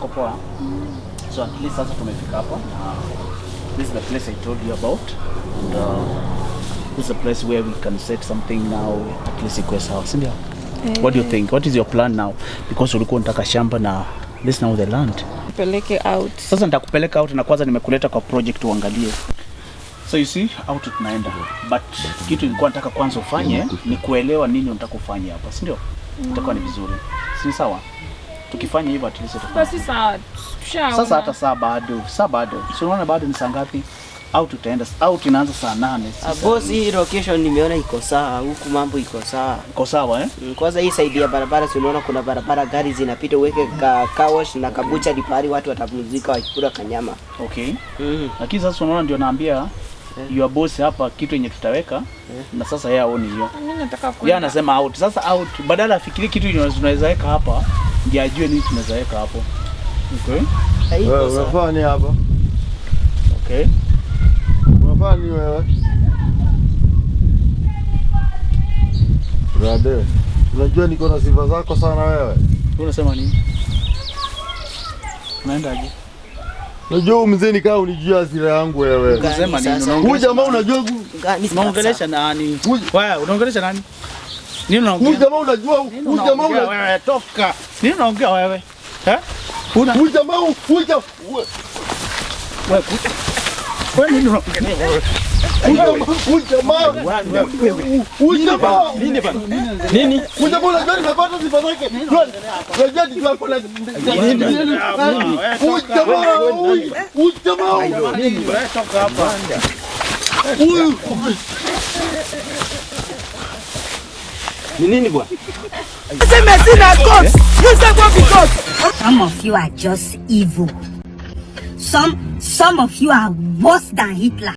ziko poa. So at least sasa tumefika hapa. This is the place I told you about. And uh, this is a place where we can set something now at least ikuwe sawa, si ndio? Eh. What do you think? What is your plan now? Because ulikuwa unataka shamba na this now the land. Peleke out. Sasa nitakupeleka out na kwanza nimekuleta kwa project uangalie. So you see out tunaenda. But kitu nilikuwa nataka kwanza ufanye ni kuelewa nini unataka kufanya hapa, si ndio? Itakuwa ni vizuri. Si sawa? tukifanya hivyo at least sasa hata saa bado saa bado, si unaona bado ni saa ngapi? Au tutaenda au tunaanza saa nane. Boss, hii location nimeona iko sawa, huku mambo iko sawa, iko sawa eh? Mm, kwanza hii saidia barabara, si unaona kuna barabara gari zinapita, uweke ka car wash na kabucha lipari, watu watapumzika wakikula kanyama. Okay, mm. lakini sasa unaona, ndio naambia eh. your boss hapa kitu yenye tutaweka eh. na sasa yeye aoni hiyo, yeye anasema out. Sasa out badala afikirie kitu tunaweza weka hapa ndio ajue nini tunaweka hapo. Okay. Wewe unafanya nini hapa? Okay. Unafanya nini wewe? Brother, unajua niko na sifa zako sana wewe. Unasema nini? Unaendaje? Unajua mzee ni kama unijua hasira yangu wewe. Unasema nini? Huyu jamaa unajua unaongelesha nani? Wewe unaongelesha nani? Jamaa unajua, jamaa unajua, toka. Nini unaongea wewe? Eh? Una jamaa uja wewe nini unaongea wewe? Ni nini Sema sina God. You say what Some of you are just evil. Some some of you are worse than Hitler.